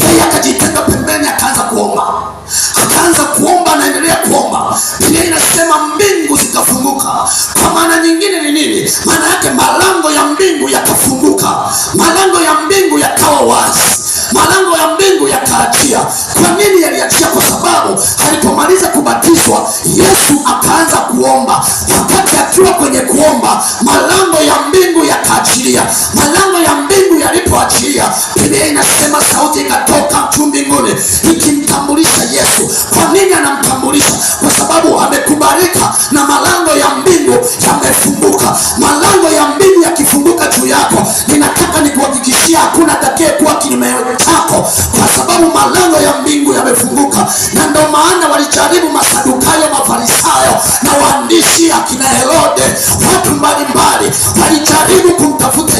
yeye akajitenga pembeni, akaanza kuomba, akaanza kuomba, anaendelea kuomba. pia inasema mbingu zikafunguka. Kwa maana nyingine ni nini? Maana yake malango ya mbingu yakafunguka, malango ya mbingu yakawa wazi, malango ya mbingu yakaachia. Kwa nini yaliachia? Kwa sababu alipomaliza kubatizwa Yesu akaanza kuomba. Wakati akiwa kwenye kuomba, malango ya mbingu yakaachilia, malango kubarika na malango ya mbingu yamefunguka. Malango ya mbingu yakifunguka juu yako, ninataka nikuhakikishia hakuna kuwa kinyume chako, kwa sababu malango ya mbingu yamefunguka. Na ndo maana walijaribu Masadukayo, Mafarisayo na waandishi akina Herode, watu mbalimbali walijaribu kumtafuta